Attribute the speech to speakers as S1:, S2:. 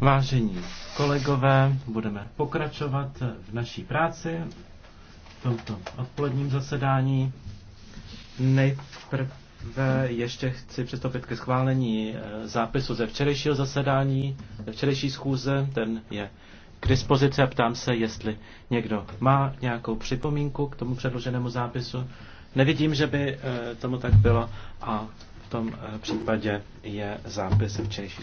S1: Vážení kolegové, budeme pokračovat v naší práci v tomto odpoledním zasedání. Nejprve ještě chci přistoupit ke schválení eh, zápisu ze včerejšího zasedání, ze včerejší schůze, ten je k dispozici a ptám se, jestli někdo má nějakou připomínku k tomu předloženému zápisu. Nevidím, že by eh, tomu tak bylo a v tom eh,
S2: případě je zápis včerejší